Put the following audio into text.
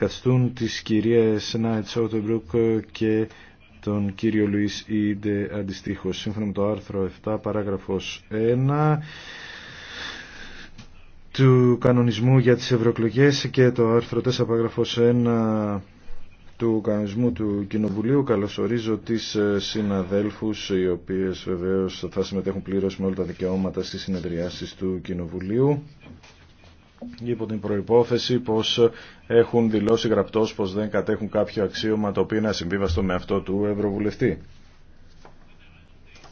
καθιστούν τις κυρίες Νάιτ Σότεμπρουκ και τον κύριο Λουίς Ιντε αντιστοίχως. Σύμφωνα με το άρθρο 7 παράγραφος 1 του κανονισμού για τις ευρωεκλογέ και το άρθρο 4 παράγραφος 1 του κανονισμού του Κοινοβουλίου καλωσορίζω τις ε, συναδέλφους οι οποίες βεβαίως θα συμμετέχουν πλήρως με όλα τα δικαιώματα στις συνεδριάσεις του Κοινοβουλίου υπό την προϋπόθεση πως έχουν δηλώσει γραπτός πως δεν κατέχουν κάποιο αξίωμα το οποίο είναι ασυμβίβαστο με αυτό του Ευρωβουλευτή.